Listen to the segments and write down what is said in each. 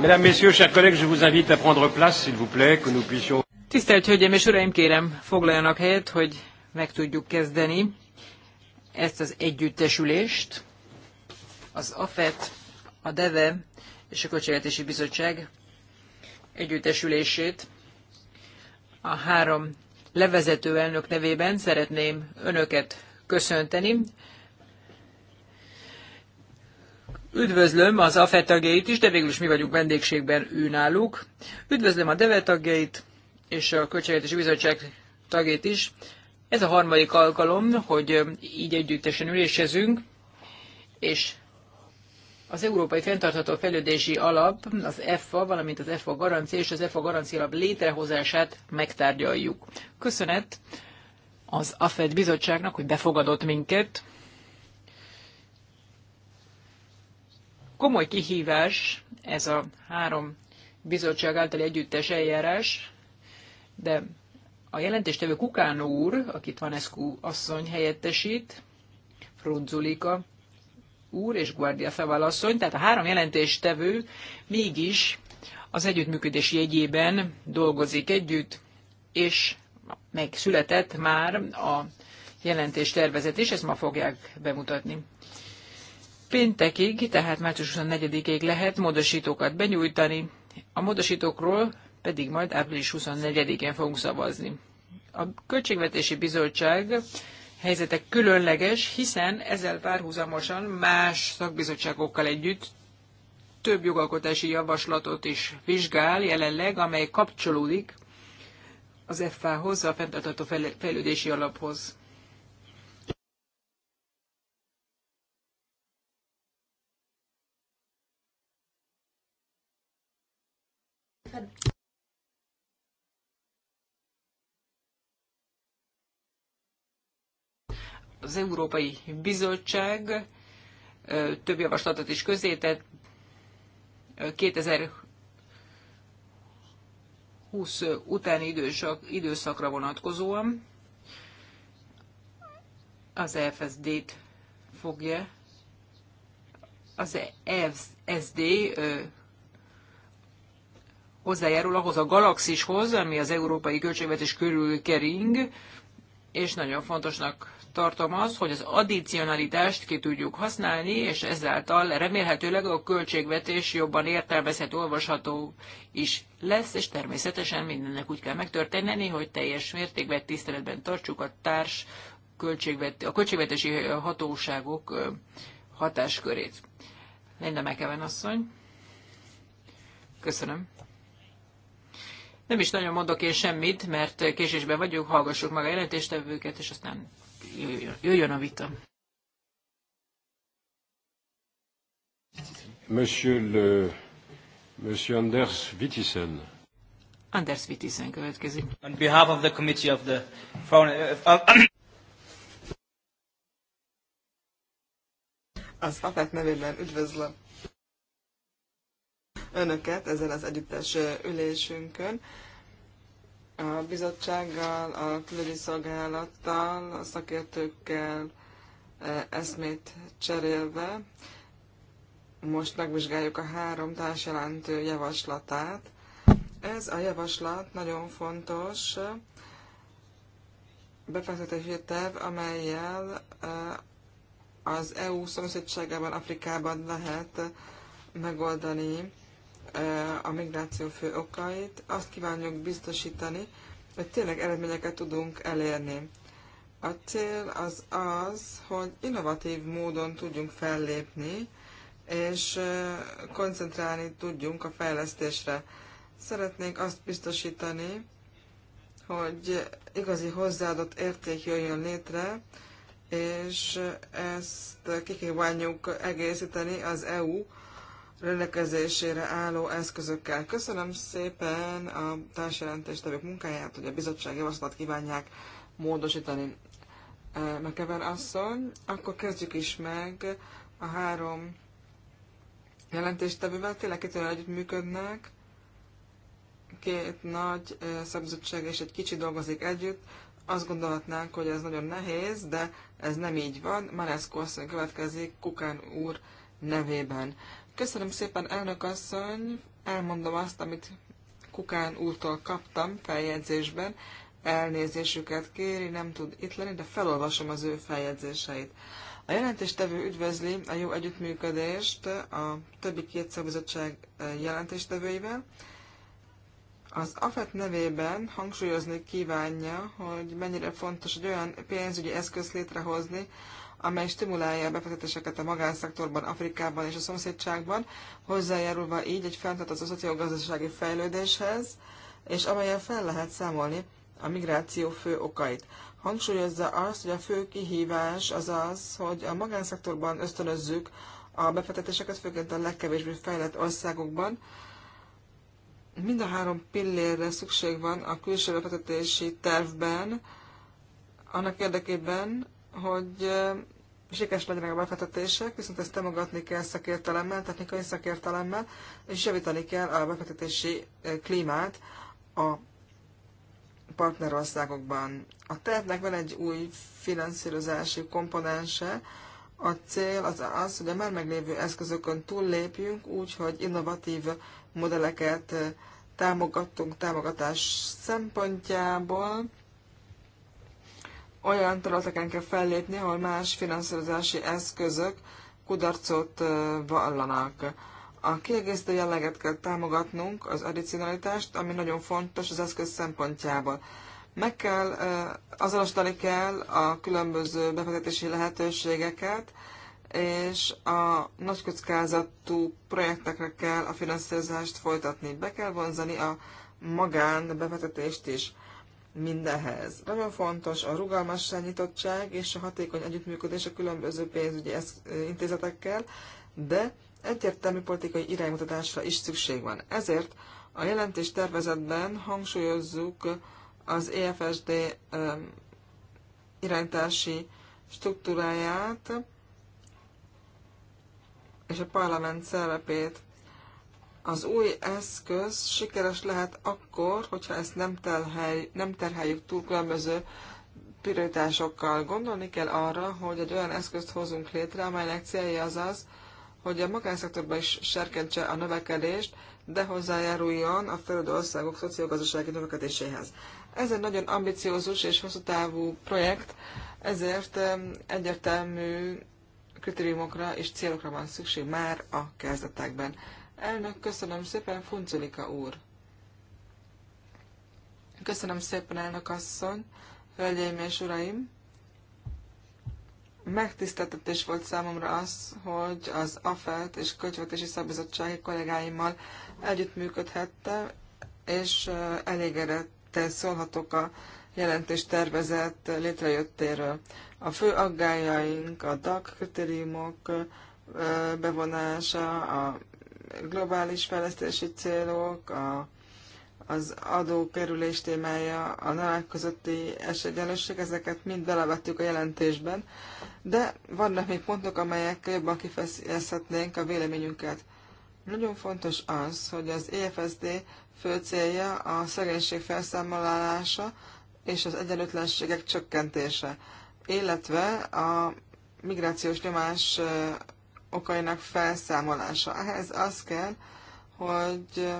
Mesdames, Messieurs, chers collègues, je vous invite à prendre place, s'il vous plaît, que nous puissions... Tisztelt Hölgyeim és Uraim, kérem, foglaljanak helyet, hogy meg tudjuk kezdeni ezt az együttesülést. Az AFET, a DEVE e e és a Költségvetési Bizottság együttesülését a három levezető elnök nevében szeretném önöket köszönteni. Üdvözlöm az AFE tagjait is, de végül is mi vagyunk vendégségben ő náluk. Üdvözlöm a DEVE tagjait és a Költségvetési Bizottság tagjait is. Ez a harmadik alkalom, hogy így együttesen ülésezünk, és az Európai Fentartható Fejlődési Alap, az EFA, valamint az EFA garancia és az EFA garancia alap létrehozását megtárgyaljuk. Köszönet az AFED bizottságnak, hogy befogadott minket, Komoly kihívás ez a három bizottság által együttes eljárás, de a jelentéstevő Kukánó úr, akit Vanescu asszony helyettesít, Frunzulika úr és Guardia Feval asszony, tehát a három jelentéstevő mégis az együttműködés jegyében dolgozik együtt, és megszületett már a jelentés tervezet is, ezt ma fogják bemutatni. Péntekig, tehát március 24-ig lehet módosítókat benyújtani, a módosítókról pedig majd április 24-én fogunk szavazni. A Költségvetési Bizottság helyzete különleges, hiszen ezzel párhuzamosan más szakbizottságokkal együtt több jogalkotási javaslatot is vizsgál jelenleg, amely kapcsolódik az FA-hoz, a fenntartható fejlődési alaphoz. Az Európai Bizottság több javaslatot is közzétett. 2020 utáni időszak, időszakra vonatkozóan az EFSD t fogja az EFSD hozzájárul ahhoz a galaxishoz, ami az európai költségvetés körül kering, és nagyon fontosnak tartom az, hogy az addicionalitást ki tudjuk használni, és ezáltal remélhetőleg a költségvetés jobban értelmezhető, olvasható is lesz, és természetesen mindennek úgy kell megtörténni, hogy teljes mértékben tiszteletben tartsuk a társ költségvet, a költségvetési hatóságok hatáskörét. Linda Mekeven asszony. Köszönöm. Nem is nagyon mondok én semmit, mert késésben vagyunk, hallgassuk meg a jelentéstevőket, és aztán jöjjön a vita. Monsieur, le, Monsieur Anders Wittisen. Anders Wittisen következik. On behalf of the Committee of the Foreign... Uh, Az hatát nevében üdvözlöm önöket ezzel az együttes ülésünkön. A bizottsággal, a külügyi szolgálattal, a szakértőkkel e, eszmét cserélve most megvizsgáljuk a három társjelentő javaslatát. Ez a javaslat nagyon fontos befektetési terv, amelyel e, az EU szomszédságában, Afrikában lehet megoldani a migráció fő okait, azt kívánjuk biztosítani, hogy tényleg eredményeket tudunk elérni. A cél az az, hogy innovatív módon tudjunk fellépni, és koncentrálni tudjunk a fejlesztésre. Szeretnénk azt biztosítani, hogy igazi hozzáadott érték jöjjön létre, és ezt kikívánjuk egészíteni az EU rendelkezésére álló eszközökkel. Köszönöm szépen a társjelentéstevők munkáját, hogy a bizottság javaslatot kívánják módosítani. Eh, Mekever asszony, akkor kezdjük is meg a három jelentéstevővel. Tényleg kitűnően együtt működnek. Két nagy eh, szabizottság és egy kicsi dolgozik együtt. Azt gondolhatnánk, hogy ez nagyon nehéz, de ez nem így van. Maneszko asszony következik Kukán úr nevében. Köszönöm szépen, elnök asszony. Elmondom azt, amit Kukán úrtól kaptam feljegyzésben. Elnézésüket kéri, nem tud itt lenni, de felolvasom az ő feljegyzéseit. A jelentéstevő üdvözli a jó együttműködést a többi két szakbizottság eh, jelentéstevőivel. Az AFET nevében hangsúlyozni kívánja, hogy mennyire fontos egy olyan pénzügyi eszköz létrehozni, amely stimulálja a befektetéseket a magánszektorban, Afrikában és a szomszédságban, hozzájárulva így egy fenntartható szociogazdasági fejlődéshez, és amelyen fel lehet számolni a migráció fő okait. Hangsúlyozza azt, hogy a fő kihívás az az, hogy a magánszektorban ösztönözzük a befektetéseket, főként a legkevésbé fejlett országokban. Mind a három pillérre szükség van a külső befektetési tervben, annak érdekében, hogy sikeres legyenek a befektetések, viszont ezt támogatni kell szakértelemmel, technikai szakértelemmel, és javítani kell a befektetési klímát a partnerországokban. A tervnek van egy új finanszírozási komponense, a cél az az, hogy a már meglévő eszközökön túllépjünk, úgy, hogy innovatív modelleket támogatunk támogatás szempontjából, olyan területeken kell fellépni, ahol más finanszírozási eszközök kudarcot vallanak. A kiegészítő jelleget kell támogatnunk, az addicionalitást, ami nagyon fontos az eszköz szempontjából. Meg kell, azonosítani kell a különböző befektetési lehetőségeket, és a nagy kockázatú projektekre kell a finanszírozást folytatni. Be kell vonzani a magánbefektetést is mindehhez. Nagyon fontos a rugalmasság, nyitottság és a hatékony együttműködés a különböző pénzügyi intézetekkel, de egyértelmű politikai iránymutatásra is szükség van. Ezért a jelentés tervezetben hangsúlyozzuk az EFSD iránytási struktúráját és a parlament szerepét az új eszköz sikeres lehet akkor, hogyha ezt nem, telhely, nem terheljük túl különböző pirításokkal. Gondolni kell arra, hogy egy olyan eszközt hozunk létre, amelynek célja az az, hogy a magánszektorban is serkentse a növekedést, de hozzájáruljon a fejlődő országok szociogazdasági növekedéséhez. Ez egy nagyon ambiciózus és hosszú távú projekt, ezért egyértelmű kritériumokra és célokra van szükség már a kezdetekben. Elnök, köszönöm szépen, Funculika úr. Köszönöm szépen, elnök asszony, hölgyeim és uraim. Megtiszteltetés volt számomra az, hogy az AFET és Költségvetési Szabizottsági kollégáimmal együttműködhettem, és elégedettel szólhatok a jelentés tervezett létrejöttéről. A fő aggájaink a DAC kritériumok bevonása, a globális fejlesztési célok, a, az adókerülés témája, a nemek közötti esélyegyenlőség, ezeket mind belevettük a jelentésben, de vannak még pontok, amelyek jobban kifejezhetnénk a véleményünket. Nagyon fontos az, hogy az EFSD fő célja a szegénység felszámolása és az egyenlőtlenségek csökkentése, illetve a migrációs nyomás okainak felszámolása. Ehhez az kell, hogy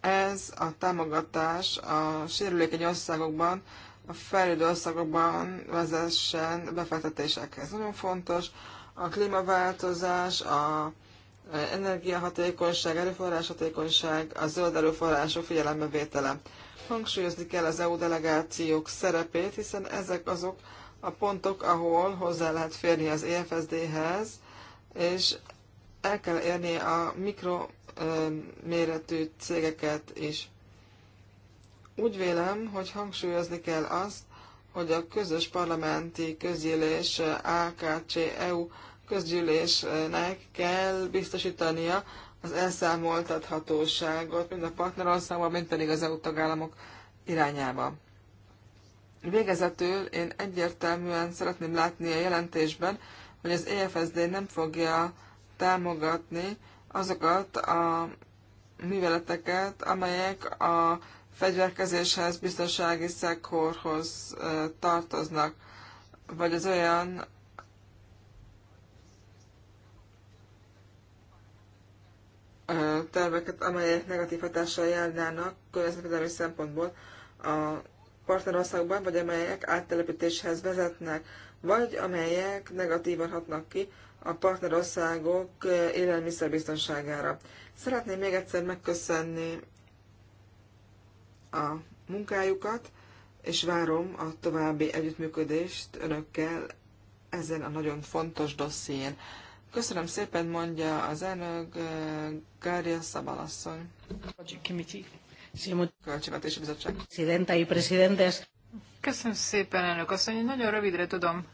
ez a támogatás a sérülékeny országokban, a fejlődő országokban vezessen befektetésekhez. Nagyon fontos a klímaváltozás, a energiahatékonyság, erőforrás hatékonyság, a zöld erőforrások figyelembevétele. Hangsúlyozni kell az EU delegációk szerepét, hiszen ezek azok a pontok, ahol hozzá lehet férni az EFSD-hez, és el kell érni a mikroméretű cégeket is. Úgy vélem, hogy hangsúlyozni kell azt, hogy a közös parlamenti közgyűlés AKC-EU közgyűlésnek kell biztosítania az elszámoltathatóságot mind a partnerországban, mind pedig az EU tagállamok irányába. Végezetül én egyértelműen szeretném látni a jelentésben, hogy az EFSD nem fogja támogatni azokat a műveleteket, amelyek a fegyverkezéshez, biztonsági szekhorhoz tartoznak, vagy az olyan terveket, amelyek negatív hatással járnának környezetvédelmi szempontból a partnerországban, vagy amelyek áttelepítéshez vezetnek vagy amelyek negatívan hatnak ki a partnerországok élelmiszerbiztonságára. Szeretném még egyszer megköszönni a munkájukat, és várom a további együttműködést önökkel ezen a nagyon fontos dosszién. Köszönöm szépen, mondja az elnök Gária Szabalasszony. Költségvetési Bizottság. Köszönöm szépen, elnök asszony. Nagyon rövidre tudom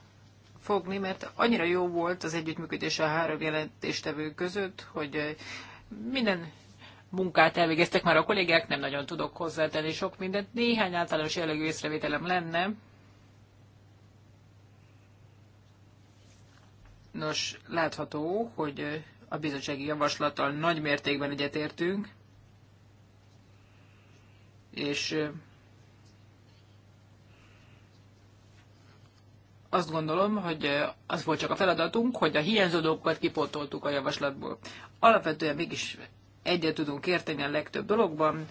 fogni, mert annyira jó volt az együttműködés a három jelentéstevő között, hogy eh, minden munkát elvégeztek már a kollégák, nem nagyon tudok hozzátenni sok mindent. Néhány általános jellegű észrevételem lenne. Nos, látható, hogy eh, a bizottsági javaslattal nagy mértékben egyetértünk, és eh, azt gondolom, hogy az volt csak a feladatunk, hogy a hiányzó dolgokat kipótoltuk a javaslatból. Alapvetően mégis egyet tudunk érteni a legtöbb dologban.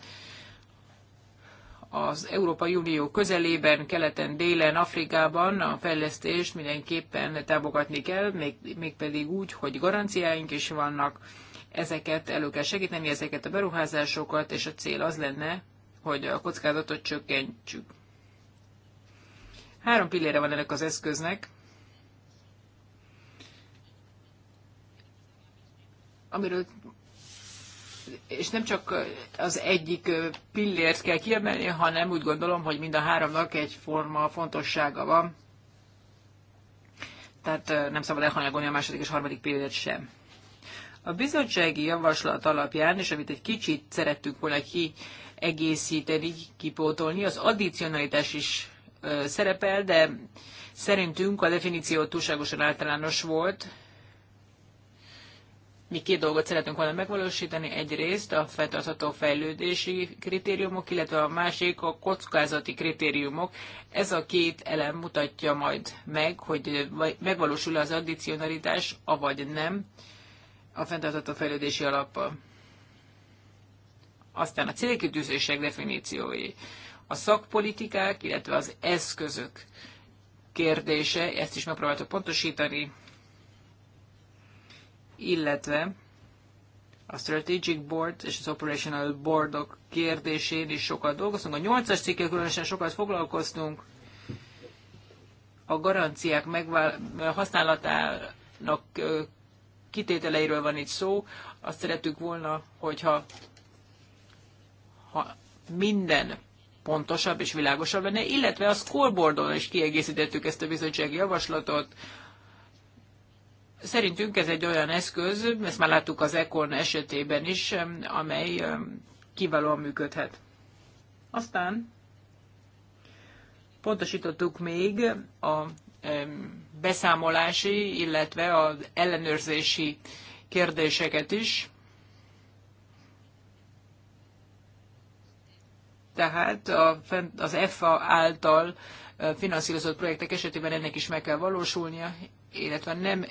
Az Európai Unió közelében, keleten, délen, Afrikában a fejlesztést mindenképpen támogatni kell, még, mégpedig úgy, hogy garanciáink is vannak, ezeket elő kell segíteni, ezeket a beruházásokat, és a cél az lenne, hogy a kockázatot csökkentsük. Három pillére van ennek az eszköznek, amiről és nem csak az egyik pillért kell kiemelni, hanem úgy gondolom, hogy mind a háromnak egyforma fontossága van. Tehát nem szabad elhanyagolni a második és harmadik pillért sem. A bizottsági javaslat alapján, és amit egy kicsit szerettük volna kiegészíteni, kipótolni, az addicionalitás is szerepel, de szerintünk a definíció túlságosan általános volt. Mi két dolgot szeretünk volna megvalósítani. Egyrészt a fenntartható fejlődési kritériumok, illetve a másik a kockázati kritériumok. Ez a két elem mutatja majd meg, hogy megvalósul az addicionalitás, avagy nem a fenntartható fejlődési alappal. Aztán a célkitűzések definíciói a szakpolitikák, illetve az eszközök kérdése, ezt is megpróbáltuk pontosítani, illetve a Strategic Board és az Operational Boardok kérdésén is sokat dolgoztunk. A 8-as cikkel különösen sokat foglalkoztunk, a garanciák megvál- használatának kitételeiről van itt szó. Azt szeretük volna, hogyha ha minden pontosabb és világosabb lenne, illetve a scoreboardon is kiegészítettük ezt a bizottsági javaslatot. Szerintünk ez egy olyan eszköz, ezt már láttuk az Econ esetében is, amely kiválóan működhet. Aztán pontosítottuk még a beszámolási, illetve az ellenőrzési kérdéseket is. tehát a, az EFA által finanszírozott projektek esetében ennek is meg kell valósulnia, illetve nem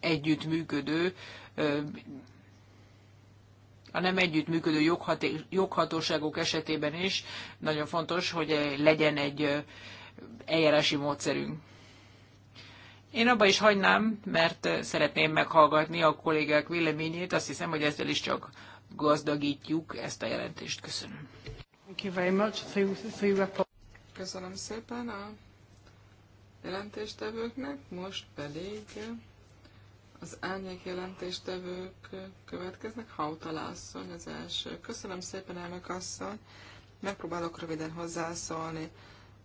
együttműködő a nem együttműködő joghatóságok esetében is nagyon fontos, hogy legyen egy eljárási módszerünk. Én abba is hagynám, mert szeretném meghallgatni a kollégák véleményét, azt hiszem, hogy ezzel is csak gazdagítjuk ezt a jelentést. Köszönöm. Thank you very much. Köszönöm szépen a jelentéstevőknek, most pedig az árnyék jelentéstevők következnek. Hauta Lászony az első. Köszönöm szépen, elnök asszony. Megpróbálok röviden hozzászólni.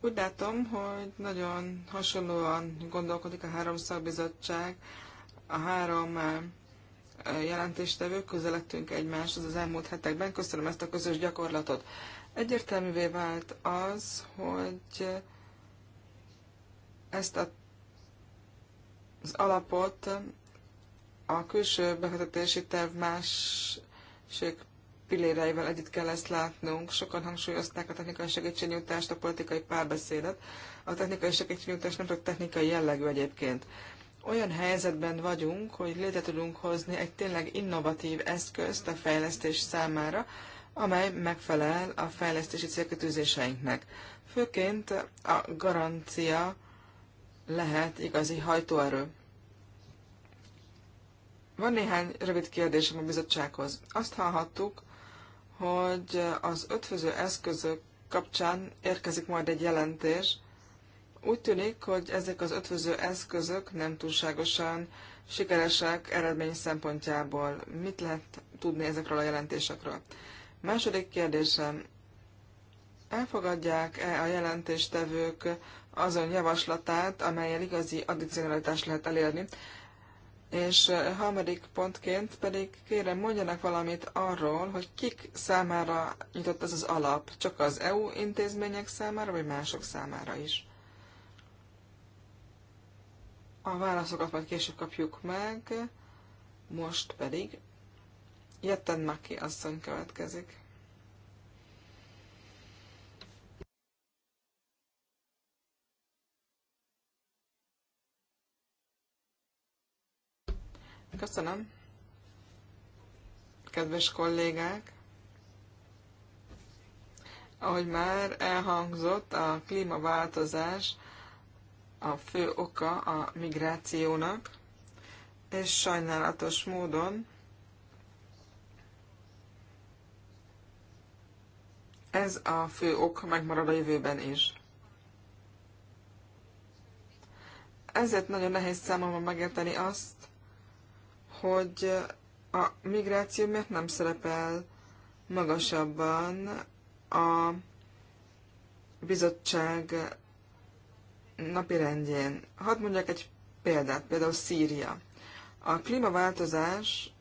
Úgy látom, hogy nagyon hasonlóan gondolkodik a három szakbizottság, a három eh, jelentéstevő, közeledtünk egymáshoz az elmúlt hetekben. Köszönöm ezt a közös gyakorlatot. Egyértelművé vált az, hogy ezt a, az alapot a külső befektetési terv másik pilléreivel együtt kell ezt látnunk. Sokan hangsúlyozták a technikai segítségnyújtást, a politikai párbeszédet. A technikai segítségnyújtás nem csak technikai jellegű egyébként. Olyan helyzetben vagyunk, hogy létre tudunk hozni egy tényleg innovatív eszközt a fejlesztés számára, amely megfelel a fejlesztési célkötőzéseinknek. Főként a garancia lehet igazi hajtóerő. Van néhány rövid kérdésem a bizottsághoz. Azt hallhattuk, hogy az ötvöző eszközök kapcsán érkezik majd egy jelentés. Úgy tűnik, hogy ezek az ötvöző eszközök nem túlságosan sikeresek eredmény szempontjából. Mit lehet tudni ezekről a jelentésekről? Második kérdésem, elfogadják-e a jelentéstevők azon javaslatát, amelyel igazi addicionalitást lehet elérni? És harmadik pontként pedig kérem mondjanak valamit arról, hogy kik számára nyitott ez az alap, csak az EU intézmények számára, vagy mások számára is. A válaszokat majd később kapjuk meg, most pedig Jetten Maki asszony következik. Köszönöm. Kedves kollégák! Ahogy már elhangzott, a klímaváltozás a fő oka a migrációnak, és sajnálatos módon ez a fő ok megmarad a jövőben is. Ezért nagyon nehéz számomra megérteni azt, hogy a migráció miért nem szerepel magasabban a bizottság napi rendjén. Hadd mondjak egy példát, például Szíria. A klímaváltozás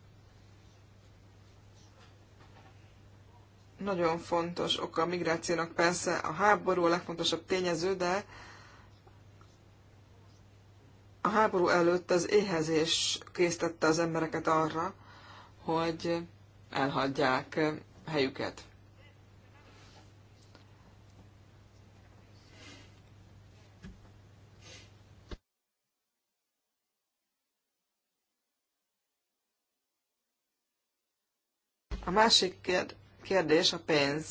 nagyon fontos oka a migrációnak persze a háború a legfontosabb tényező, de a háború előtt az éhezés késztette az embereket arra, hogy elhagyják helyüket. A másik kérdés, kérdés a pénz.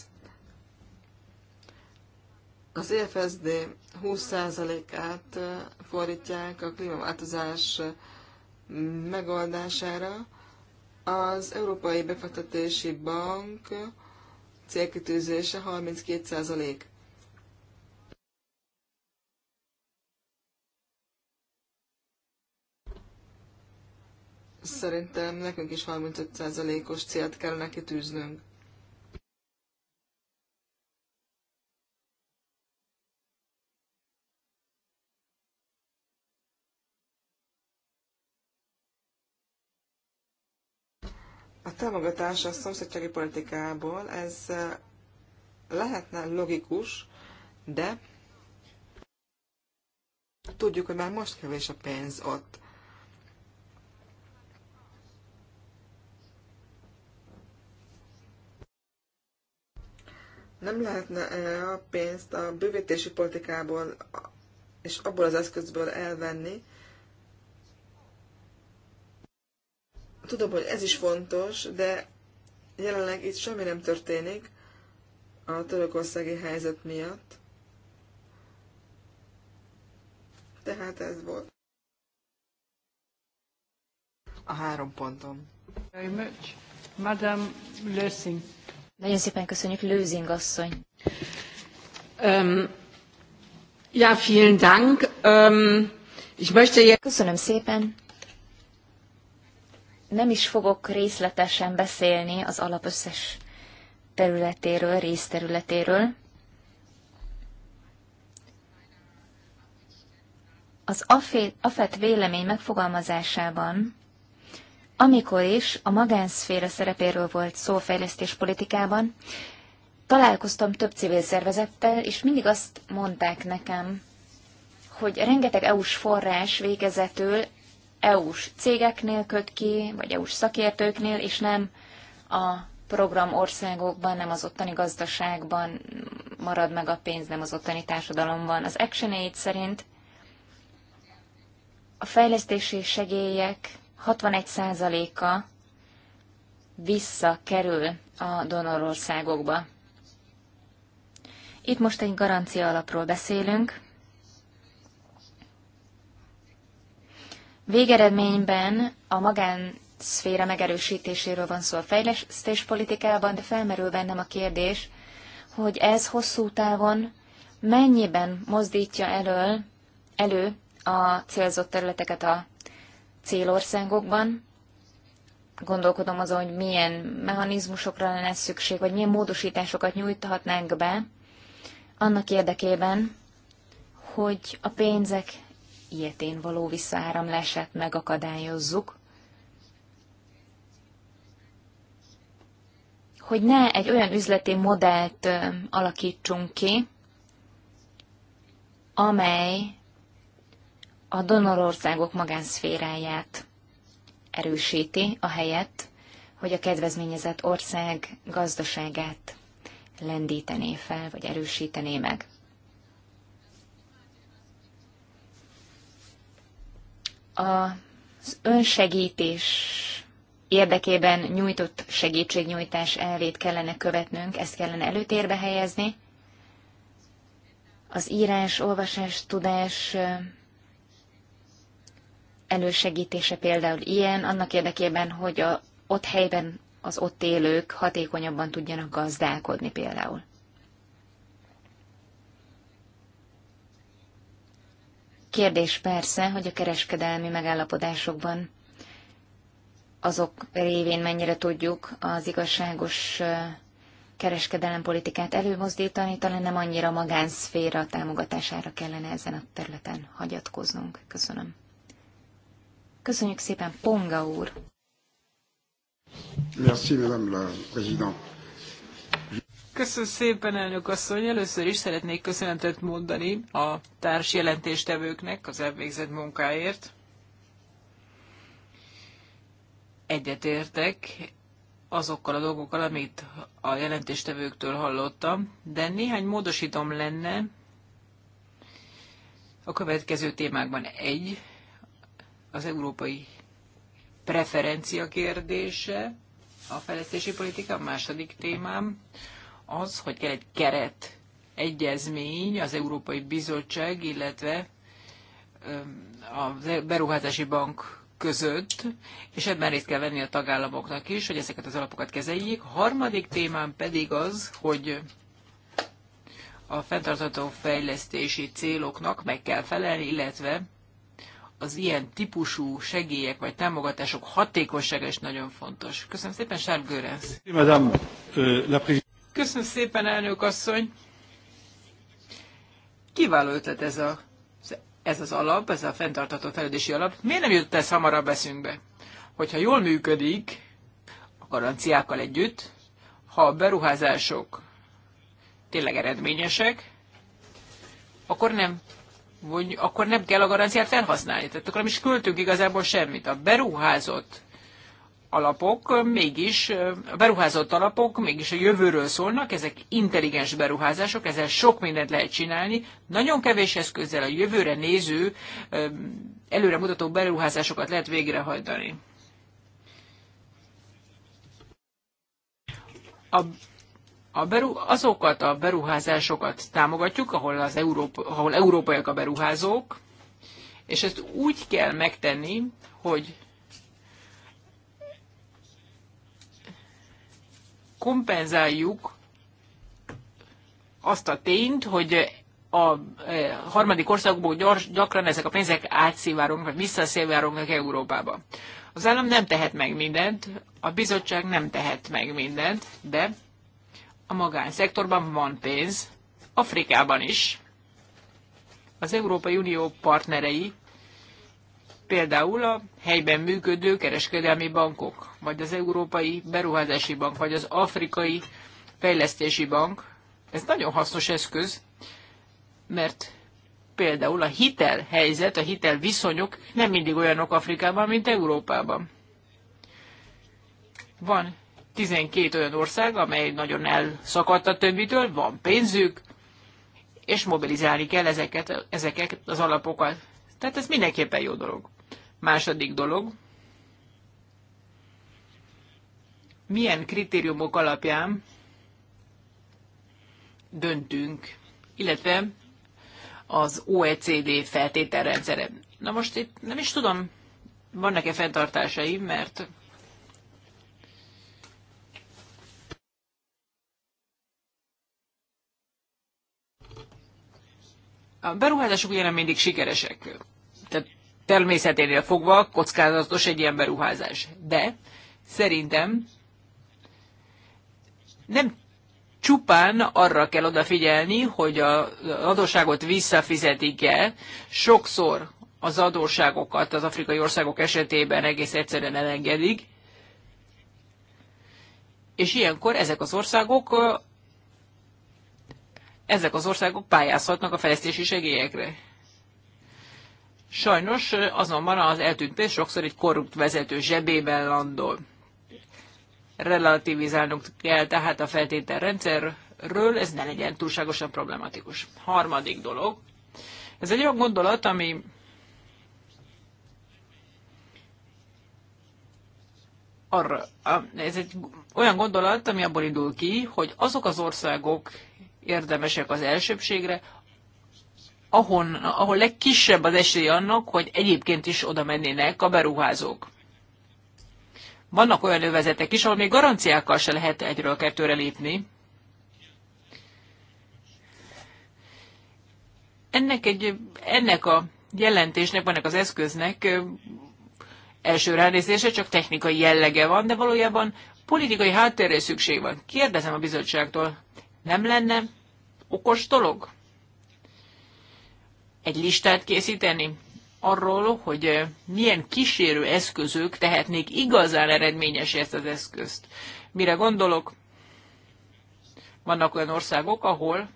Az EFSD 20%-át fordítják a klímaváltozás megoldására. Az Európai Befektetési Bank célkitűzése 32%. Szerintem nekünk is 35%-os célt kellene kitűznünk. A támogatás a szomszédsági politikából, ez lehetne logikus, de tudjuk, hogy már most kevés a pénz ott. Nem lehetne -e a pénzt a bővítési politikából és abból az eszközből elvenni, Tudom, hogy ez is fontos, de jelenleg itt semmi nem történik a törökországi helyzet miatt. Tehát ez volt. A három pontom. Very much. Madame Lösing. Nagyon szépen köszönjük, Lőzing asszony. Um, ja, vielen Dank. Um, ich möchte... Köszönöm szépen nem is fogok részletesen beszélni az alapösszes területéről, részterületéről. Az AFET vélemény megfogalmazásában, amikor is a magánszféra szerepéről volt szó fejlesztés politikában, találkoztam több civil szervezettel, és mindig azt mondták nekem, hogy rengeteg EU-s forrás végezetül EU-s cégeknél köt ki, vagy EU-s szakértőknél, és nem a program országokban, nem az ottani gazdaságban marad meg a pénz, nem az ottani társadalomban. Az ActionAid szerint a fejlesztési segélyek 61%-a visszakerül a donorországokba. Itt most egy garancia alapról beszélünk, Végeredményben a magán-szféra megerősítéséről van szó a fejlesztéspolitikában, de felmerül bennem a kérdés, hogy ez hosszú távon mennyiben mozdítja elől, elő a célzott területeket a célországokban. Gondolkodom azon, hogy milyen mechanizmusokra lenne szükség, vagy milyen módosításokat nyújthatnánk be annak érdekében, hogy a pénzek ilyetén való visszaáramlását megakadályozzuk, hogy ne egy olyan üzleti modellt alakítsunk ki, amely a donorországok magánszféráját erősíti, a helyet, hogy a kedvezményezett ország gazdaságát lendítené fel, vagy erősítené meg. az önsegítés érdekében nyújtott segítségnyújtás elvét kellene követnünk, ezt kellene előtérbe helyezni. Az írás, olvasás, tudás elősegítése például ilyen, annak érdekében, hogy a, ott helyben az ott élők hatékonyabban tudjanak gazdálkodni például. Kérdés persze, hogy a kereskedelmi megállapodásokban azok révén mennyire tudjuk az igazságos kereskedelempolitikát előmozdítani, talán nem annyira magánszféra támogatására kellene ezen a területen hagyatkoznunk. Köszönöm. Köszönjük szépen, Ponga úr! Merci, madame la présidente. Köszönöm szépen, elnök asszony. Először is szeretnék köszönetet mondani a társ jelentéstevőknek az elvégzett munkáért. Egyetértek azokkal a dolgokkal, amit a jelentéstevőktől hallottam, de néhány módosítom lenne a következő témákban. Egy, az európai preferencia kérdése, a fejlesztési politika, a második témám, az, hogy kell egy keret egyezmény az Európai Bizottság, illetve a Beruházási Bank között, és ebben részt kell venni a tagállamoknak is, hogy ezeket az alapokat kezeljék. A harmadik témám pedig az, hogy a fenntartható fejlesztési céloknak meg kell felelni, illetve az ilyen típusú segélyek vagy támogatások hatékonysága is nagyon fontos. Köszönöm szépen, Sárgőrensz! Köszönöm szépen, elnök asszony. Kiváló ötlet ez, a, ez az alap, ez a fenntartató fejlődési alap. Miért nem jött ez hamarabb eszünkbe? Hogyha jól működik, a garanciákkal együtt, ha a beruházások tényleg eredményesek, akkor nem vagy akkor nem kell a garanciát felhasználni. Tehát akkor nem is költünk igazából semmit. A beruházott alapok mégis, a beruházott alapok mégis a jövőről szólnak, ezek intelligens beruházások, ezzel sok mindent lehet csinálni, nagyon kevés eszközzel a jövőre néző, előre mutató beruházásokat lehet végrehajtani. A a beru, azokat a beruházásokat támogatjuk, ahol, az Európa, ahol európaiak a beruházók, és ezt úgy kell megtenni, hogy kompenzáljuk azt a tényt, hogy a eh, harmadik országokból gyors, gyakran ezek a pénzek átszivárognak, vagy visszaszivárognak Európába. Az állam nem tehet meg mindent, a bizottság nem tehet meg mindent, de a magánszektorban van pénz, Afrikában is. Az Európai Unió partnerei például a helyben működő kereskedelmi bankok, vagy az Európai Beruházási Bank, vagy az Afrikai Fejlesztési Bank. Ez nagyon hasznos eszköz, mert például a hitel helyzet, a hitel viszonyok nem mindig olyanok Afrikában, mint Európában. Van 12 olyan ország, amely nagyon elszakadt a többitől, van pénzük, és mobilizálni kell ezeket, ezeket az alapokat. Tehát ez mindenképpen jó dolog. Második dolog, milyen kritériumok alapján döntünk, illetve az OECD feltételrendszere. Na most itt nem is tudom, vannak-e fenntartásaim, mert a beruházások ugye nem mindig sikeresek. Tehát természeténél fogva kockázatos egy ilyen beruházás. De szerintem nem csupán arra kell odafigyelni, hogy az adósságot visszafizetik-e. Sokszor az adósságokat az afrikai országok esetében egész egyszerűen elengedik, és ilyenkor ezek az országok ezek az országok pályázhatnak a fejlesztési segélyekre. Sajnos azonban az eltűnt pénz sokszor egy korrupt vezető zsebében landol. Relativizálnunk kell tehát a feltételrendszerről, ez ne legyen túlságosan problematikus. Harmadik dolog. Ez egy olyan gondolat, ami arra, ez egy olyan gondolat, ami abból indul ki, hogy azok az országok érdemesek az elsőbségre, ahon, ahol legkisebb az esély annak, hogy egyébként is oda mennének a beruházók. Vannak olyan övezetek is, ahol még garanciákkal se lehet egyről kettőre lépni. Ennek, egy, ennek a jelentésnek, ennek az eszköznek első ránézése csak technikai jellege van, de valójában politikai háttérre szükség van. Kérdezem a bizottságtól, nem lenne okos dolog? egy listát készíteni arról, hogy milyen kísérő eszközök tehetnék igazán eredményes ezt az eszközt. Mire gondolok? Vannak olyan országok, ahol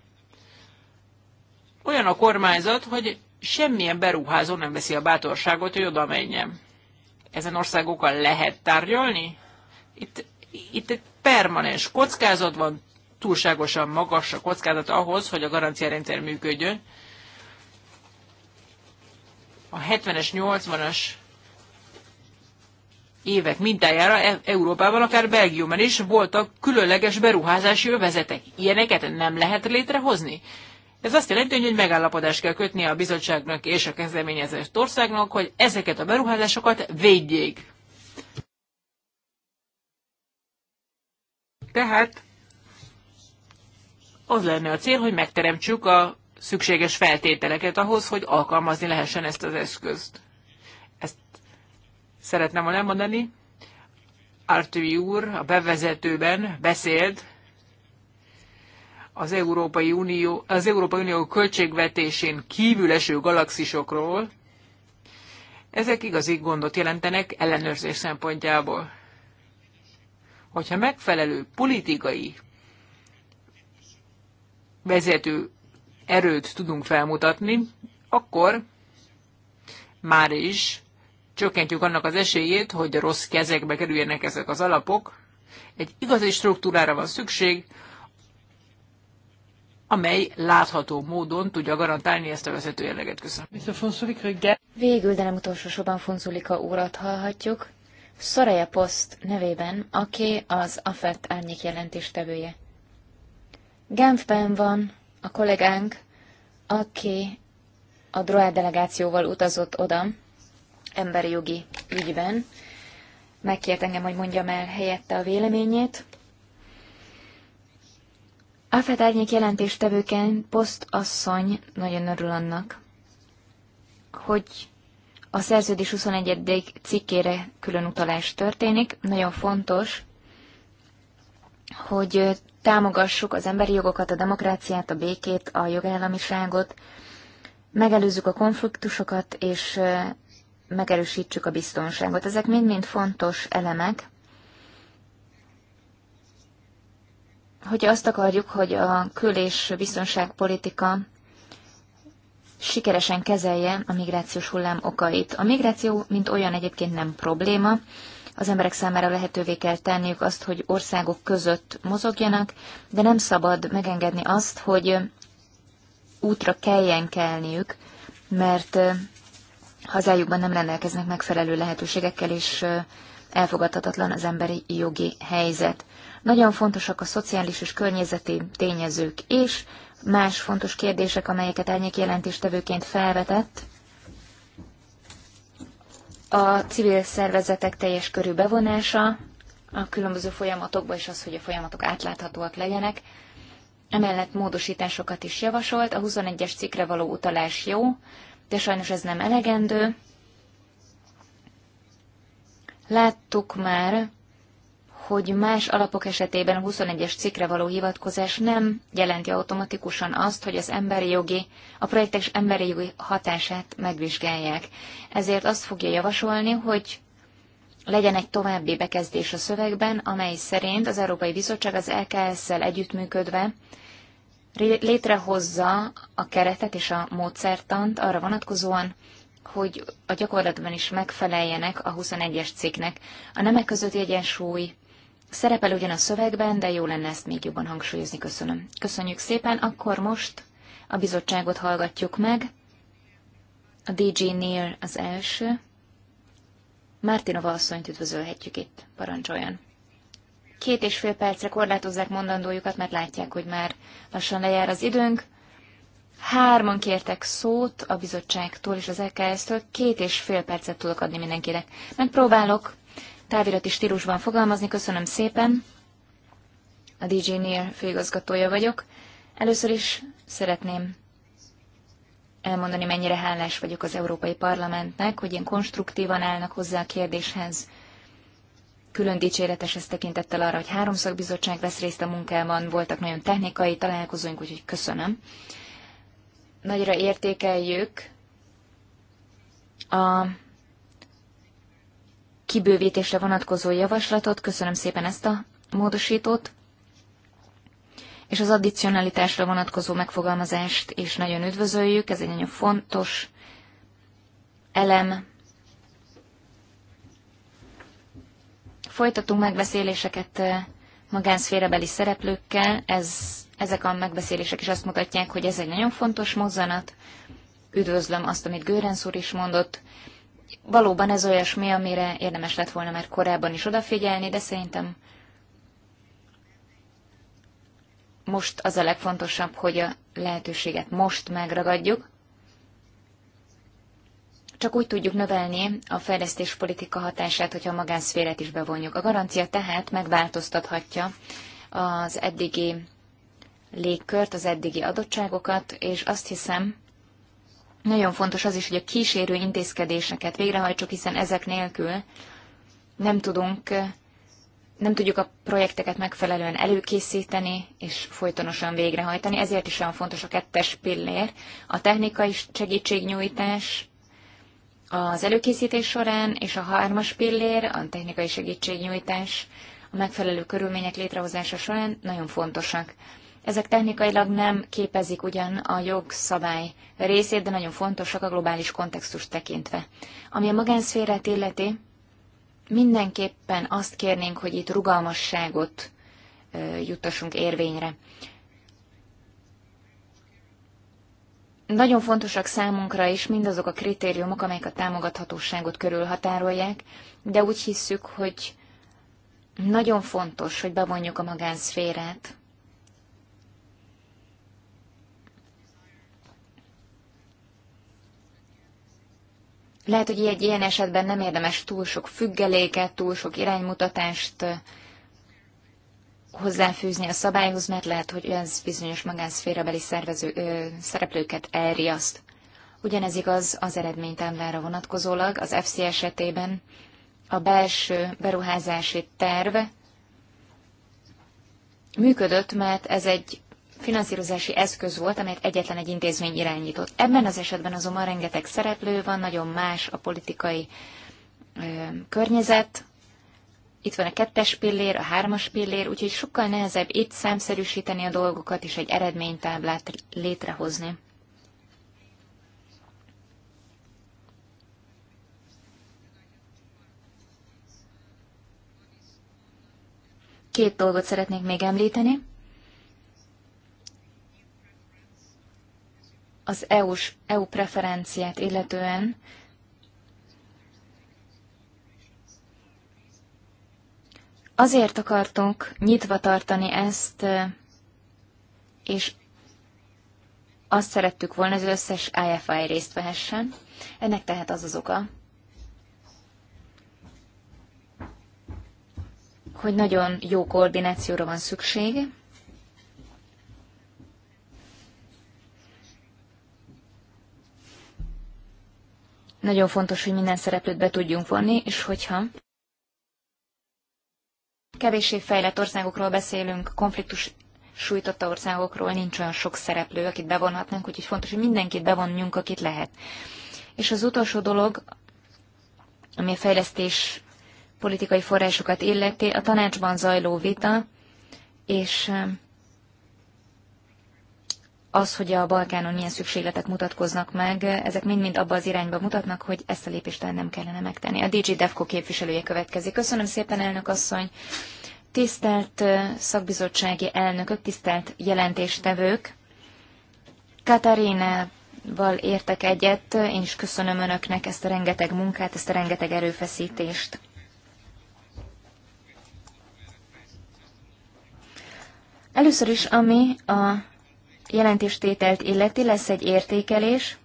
olyan a kormányzat, hogy semmilyen beruházó nem veszi a bátorságot, hogy oda menjen. Ezen országokkal lehet tárgyalni? Itt, itt egy permanens kockázat van, túlságosan magas a kockázat ahhoz, hogy a garanciarendszer működjön a 70-es, 80-as évek mintájára e- Európában, akár Belgiumban is voltak különleges beruházási övezetek. Ilyeneket nem lehet létrehozni. Ez azt jelenti, hogy megállapodást kell kötni a bizottságnak és a kezdeményezett országnak, hogy ezeket a beruházásokat védjék. Tehát az lenne a cél, hogy megteremtsük a szükséges feltételeket ahhoz, hogy alkalmazni lehessen ezt az eszközt. Ezt szeretném volna elmondani. Artui úr a bevezetőben beszélt az Európai Unió, az Európai Unió költségvetésén kívül eső galaxisokról. Ezek igazi gondot jelentenek ellenőrzés szempontjából. Hogyha megfelelő politikai vezető erőt tudunk felmutatni, akkor már is csökkentjük annak az esélyét, hogy rossz kezekbe kerüljenek ezek az alapok. Egy igazi struktúrára van szükség, amely látható módon tudja garantálni ezt a vezető jelleget. Köszönöm. Végül, de nem utolsó sorban Fonzulika úrat hallhatjuk. Szoraja Post nevében, aki az AFET árnyék jelentéstevője. Genfben van, a kollégánk, aki a DROA delegációval utazott oda emberi jogi ügyben, megkért engem, hogy mondjam el helyette a véleményét. Afet árnyék jelentéstevőként posztasszony nagyon örül annak, hogy a szerződés 21. cikkére külön utalás történik. Nagyon fontos, hogy támogassuk az emberi jogokat, a demokráciát, a békét, a jogállamiságot, megelőzzük a konfliktusokat, és megerősítsük a biztonságot. Ezek mind-mind fontos elemek. Hogyha azt akarjuk, hogy a kül- és biztonságpolitika sikeresen kezelje a migrációs hullám okait. A migráció, mint olyan egyébként nem probléma, az emberek számára lehetővé kell tenniük azt, hogy országok között mozogjanak, de nem szabad megengedni azt, hogy útra kelljen kelniük, mert hazájukban nem rendelkeznek megfelelő lehetőségekkel, és elfogadhatatlan az emberi jogi helyzet. Nagyon fontosak a szociális és környezeti tényezők és más fontos kérdések, amelyeket elnyék jelentéstevőként felvetett, a civil szervezetek teljes körű bevonása, a különböző folyamatokba és az, hogy a folyamatok átláthatóak legyenek. Emellett módosításokat is javasolt, a 21-es cikkre való utalás jó, de sajnos ez nem elegendő. Láttuk már hogy más alapok esetében a 21-es cikkre való hivatkozás nem jelenti automatikusan azt, hogy az emberi jogi, a projektek emberi jogi hatását megvizsgálják. Ezért azt fogja javasolni, hogy legyen egy további bekezdés a szövegben, amely szerint az Európai Bizottság az LKS-szel együttműködve létrehozza a keretet és a módszertant arra vonatkozóan, hogy a gyakorlatban is megfeleljenek a 21-es cikknek. A nemek közötti egyensúly Szerepel ugyan a szövegben, de jó lenne ezt még jobban hangsúlyozni, köszönöm. Köszönjük szépen, akkor most a bizottságot hallgatjuk meg. A DJ Near az első. Mártinova asszonyt üdvözölhetjük itt, parancsoljon. Két és fél percre korlátozzák mondandójukat, mert látják, hogy már lassan lejár az időnk. Hárman kértek szót a bizottságtól és az EKS-től, két és fél percet tudok adni mindenkinek. Megpróbálok távirati stílusban fogalmazni. Köszönöm szépen. A DJ Near főigazgatója vagyok. Először is szeretném elmondani, mennyire hálás vagyok az Európai Parlamentnek, hogy ilyen konstruktívan állnak hozzá a kérdéshez. Külön dicséretes ez tekintettel arra, hogy három bizottság vesz részt a munkában, voltak nagyon technikai találkozóink, úgyhogy köszönöm. Nagyra értékeljük a kibővítésre vonatkozó javaslatot, köszönöm szépen ezt a módosítót, és az addicionalitásra vonatkozó megfogalmazást is nagyon üdvözöljük, ez egy nagyon fontos elem. Folytatunk megbeszéléseket eh, magánszférebeli szereplőkkel, ez, ezek a megbeszélések is azt mutatják, hogy ez egy nagyon fontos mozzanat. Üdvözlöm azt, amit Gőrensz úr is mondott, Valóban ez olyasmi, amire érdemes lett volna már korábban is odafigyelni, de szerintem most az a legfontosabb, hogy a lehetőséget most megragadjuk. Csak úgy tudjuk növelni a politika hatását, hogyha a magánszférát is bevonjuk. A garancia tehát megváltoztathatja az eddigi légkört, az eddigi adottságokat, és azt hiszem, nagyon fontos az is, hogy a kísérő intézkedéseket végrehajtsuk, hiszen ezek nélkül nem tudunk, nem tudjuk a projekteket megfelelően előkészíteni és folytonosan végrehajtani. Ezért is olyan fontos a kettes pillér. A technikai segítségnyújtás az előkészítés során, és a hármas pillér, a technikai segítségnyújtás a megfelelő körülmények létrehozása során nagyon fontosak. Ezek technikailag nem képezik ugyan a jogszabály részét, de nagyon fontosak a globális kontextust tekintve. Ami a magánszférát illeti, mindenképpen azt kérnénk, hogy itt rugalmasságot juttassunk érvényre. Nagyon fontosak számunkra is mindazok a kritériumok, amelyek a támogathatóságot körülhatárolják, de úgy hisszük, hogy nagyon fontos, hogy bevonjuk a magánszférát Lehet, hogy egy ilyen esetben nem érdemes túl sok függeléket, túl sok iránymutatást hozzáfűzni a szabályhoz, mert lehet, hogy ez bizonyos magánszférabeli szervező, ö, szereplőket elriaszt. Ugyanez igaz az eredménytáblára vonatkozólag, az FC esetében a belső beruházási terv működött, mert ez egy finanszírozási eszköz volt, amelyet egyetlen egy intézmény irányított. Ebben az esetben azonban rengeteg szereplő van, nagyon más a politikai ö, környezet. Itt van a kettes pillér, a hármas pillér, úgyhogy sokkal nehezebb itt számszerűsíteni a dolgokat és egy eredménytáblát létrehozni. Két dolgot szeretnék még említeni. az EU-s, EU preferenciát illetően, Azért akartunk nyitva tartani ezt, és azt szerettük volna, hogy az összes IFI részt vehessen. Ennek tehát az az oka, hogy nagyon jó koordinációra van szükség, Nagyon fontos, hogy minden szereplőt be tudjunk vonni, és hogyha kevéssé fejlett országokról beszélünk, konfliktus sújtotta országokról nincs olyan sok szereplő, akit bevonhatnánk, úgyhogy fontos, hogy mindenkit bevonjunk, akit lehet. És az utolsó dolog, ami a fejlesztés politikai forrásokat illeti, a tanácsban zajló vita, és az, hogy a Balkánon milyen szükségletek mutatkoznak meg, ezek mind-mind abba az irányba mutatnak, hogy ezt a lépést nem kellene megtenni. A DG DEFCO képviselője következik. Köszönöm szépen, elnök asszony! Tisztelt szakbizottsági elnökök, tisztelt jelentéstevők! Katarinával értek egyet, én is köszönöm önöknek ezt a rengeteg munkát, ezt a rengeteg erőfeszítést. Először is, ami a jelentéstételt illeti, lesz egy értékelés,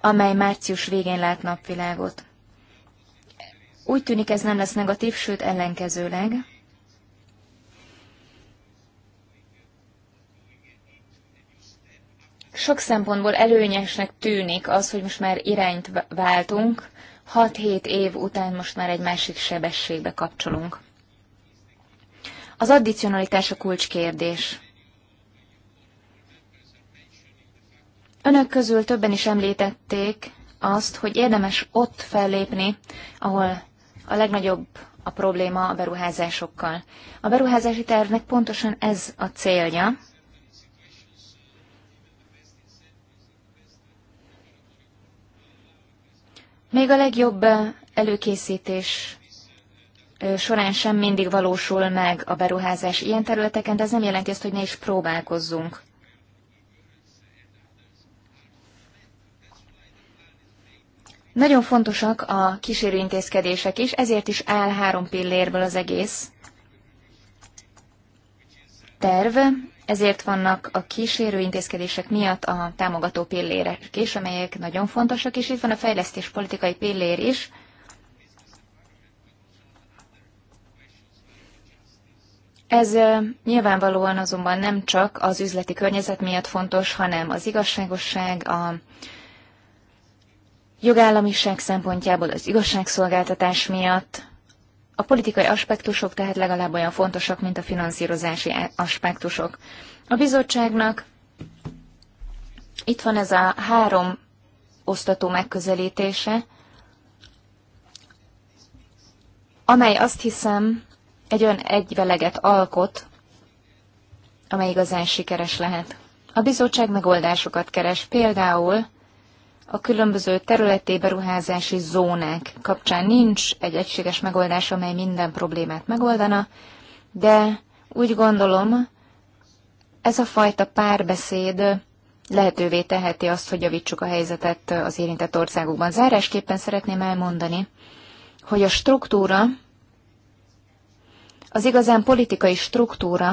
amely március végén lát napvilágot. Úgy tűnik ez nem lesz negatív, sőt ellenkezőleg. Sok szempontból előnyesnek tűnik az, hogy most már irányt váltunk, 6-7 év után most már egy másik sebességbe kapcsolunk. Az addicionalitás a kulcskérdés. Önök közül többen is említették azt, hogy érdemes ott fellépni, ahol a legnagyobb a probléma a beruházásokkal. A beruházási tervnek pontosan ez a célja. Még a legjobb előkészítés során sem mindig valósul meg a beruházás ilyen területeken, de ez nem jelenti azt, hogy ne is próbálkozzunk. Nagyon fontosak a kísérőintézkedések is, ezért is áll három pillérből az egész terv, ezért vannak a kísérő intézkedések miatt a támogató pillérek is, amelyek nagyon fontosak, és itt van a fejlesztés politikai pillér is, Ez nyilvánvalóan azonban nem csak az üzleti környezet miatt fontos, hanem az igazságosság, a jogállamiság szempontjából, az igazságszolgáltatás miatt. A politikai aspektusok tehát legalább olyan fontosak, mint a finanszírozási aspektusok. A bizottságnak itt van ez a három osztató megközelítése, amely azt hiszem egy olyan egyveleget alkot, amely igazán sikeres lehet. A bizottság megoldásokat keres, például a különböző területi beruházási zónák kapcsán nincs egy egységes megoldás, amely minden problémát megoldana, de úgy gondolom, ez a fajta párbeszéd lehetővé teheti azt, hogy javítsuk a helyzetet az érintett országokban. Zárásképpen szeretném elmondani, hogy a struktúra, az igazán politikai struktúra,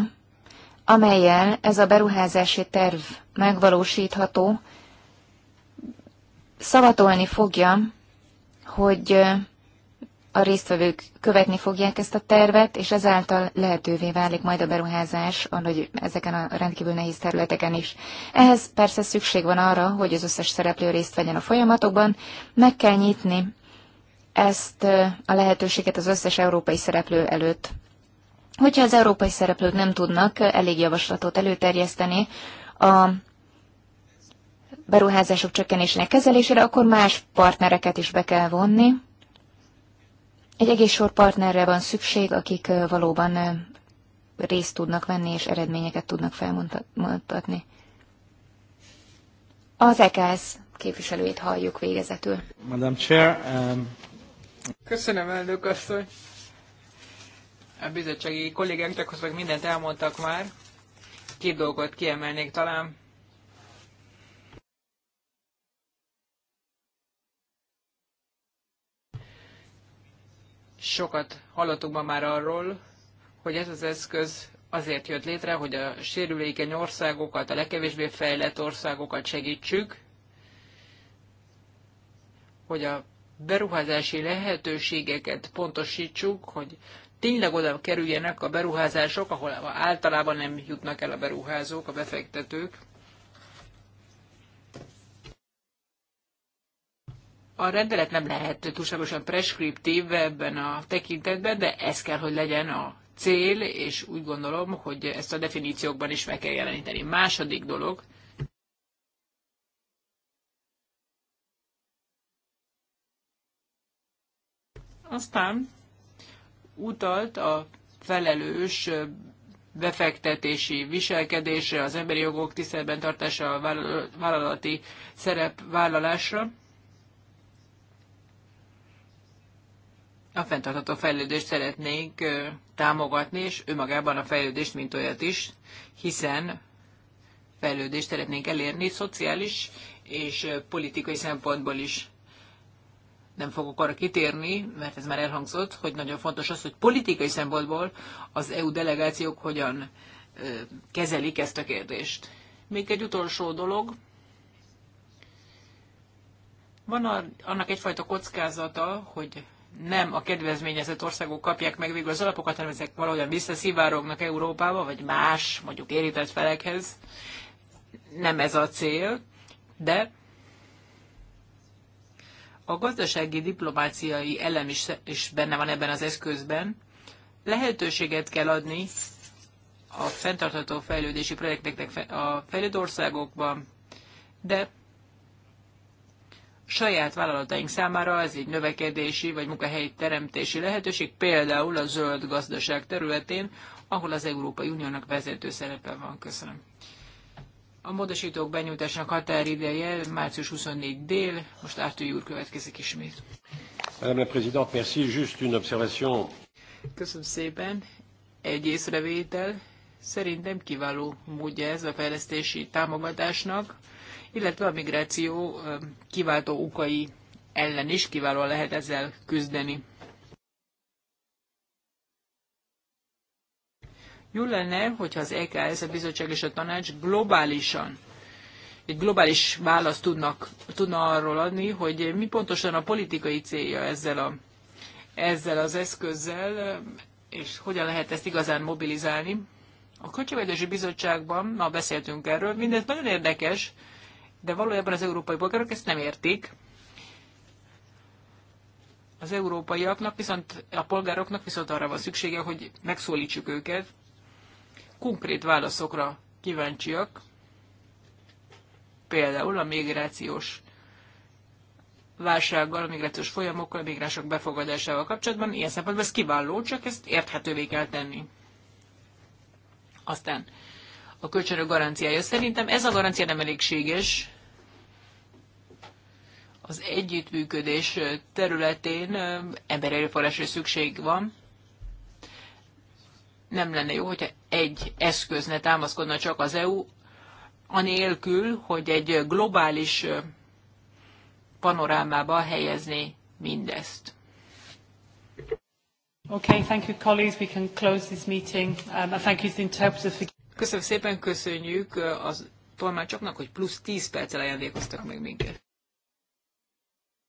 amelyel ez a beruházási terv megvalósítható, szavatolni fogja, hogy a résztvevők követni fogják ezt a tervet, és ezáltal lehetővé válik majd a beruházás, hogy ezeken a rendkívül nehéz területeken is. Ehhez persze szükség van arra, hogy az összes szereplő részt vegyen a folyamatokban, meg kell nyitni ezt a lehetőséget az összes európai szereplő előtt. Hogyha az európai szereplők nem tudnak elég javaslatot előterjeszteni a beruházások csökkenésének kezelésére, akkor más partnereket is be kell vonni. Egy egész sor partnerre van szükség, akik valóban részt tudnak venni, és eredményeket tudnak felmutatni. Az EKS képviselőjét halljuk végezetül. Madam Chair, um... Köszönöm, elnök asszony. A bizottsági kollégáknak, meg mindent elmondtak már. Két dolgot kiemelnék talán. Sokat hallottuk ma már arról, hogy ez az eszköz azért jött létre, hogy a sérülékeny országokat, a legkevésbé fejlett országokat segítsük, hogy a beruházási lehetőségeket pontosítsuk, hogy tényleg oda kerüljenek a beruházások, ahol általában nem jutnak el a beruházók, a befektetők. a rendelet nem lehet túlságosan preskriptív ebben a tekintetben, de ez kell, hogy legyen a cél, és úgy gondolom, hogy ezt a definíciókban is meg kell jeleníteni. Második dolog, Aztán utalt a felelős befektetési viselkedésre, az emberi jogok tiszteletben tartása, a vállalati szerepvállalásra. a fenntartható fejlődést szeretnénk támogatni, és önmagában a fejlődést, mint olyat is, hiszen fejlődést szeretnénk elérni szociális és politikai szempontból is. Nem fogok arra kitérni, mert ez már elhangzott, hogy nagyon fontos az, hogy politikai szempontból az EU delegációk hogyan kezelik ezt a kérdést. Még egy utolsó dolog. Van annak egyfajta kockázata, hogy nem a kedvezményezett országok kapják meg végül az alapokat, hanem ezek valahogyan visszaszivárognak Európába, vagy más, mondjuk érintett felekhez. Nem ez a cél, de a gazdasági diplomáciai elem is, is benne van ebben az eszközben. Lehetőséget kell adni a fenntartható fejlődési projekteknek a fejlődő országokban, de saját vállalataink számára ez egy növekedési vagy munkahelyi teremtési lehetőség, például a zöld gazdaság területén, ahol az Európai Uniónak vezető szerepe van. Köszönöm. A módosítók benyújtásának határideje március 24 dél, most Ártői úr következik ismét. Madame la Présidente, merci. Juste une observation. Köszönöm szépen. Egy észrevétel. Szerintem kiváló módja ez a fejlesztési támogatásnak illetve a migráció kiváltó okai ellen is kiválóan lehet ezzel küzdeni. Jó lenne, hogyha az EKS, a bizottság és a tanács globálisan egy globális választ tudnak, tudna arról adni, hogy mi pontosan a politikai célja ezzel, a, ezzel az eszközzel, és hogyan lehet ezt igazán mobilizálni. A Költségvetési Bizottságban ma beszéltünk erről, mindez nagyon érdekes, de valójában az európai polgárok ezt nem értik. Az európaiaknak viszont, a polgároknak viszont arra van szüksége, hogy megszólítsuk őket. Konkrét válaszokra kíváncsiak, például a migrációs válsággal, a migrációs folyamokkal, a migránsok befogadásával kapcsolatban. Ilyen szempontból ez kiváló, csak ezt érthetővé kell tenni. Aztán a kölcsönök garanciája. Szerintem ez a garancia nem elégséges az együttműködés területén embererőforrásra szükség van. Nem lenne jó, hogyha egy eszköz ne támaszkodna csak az EU, anélkül, hogy egy globális panorámába helyezni mindezt. Okay, thank you colleagues. We can close this meeting. Um, thank you to the interpreter for... Köszönöm szépen, köszönjük az tolmácsoknak, hogy plusz 10 perccel ajándékoztak meg minket.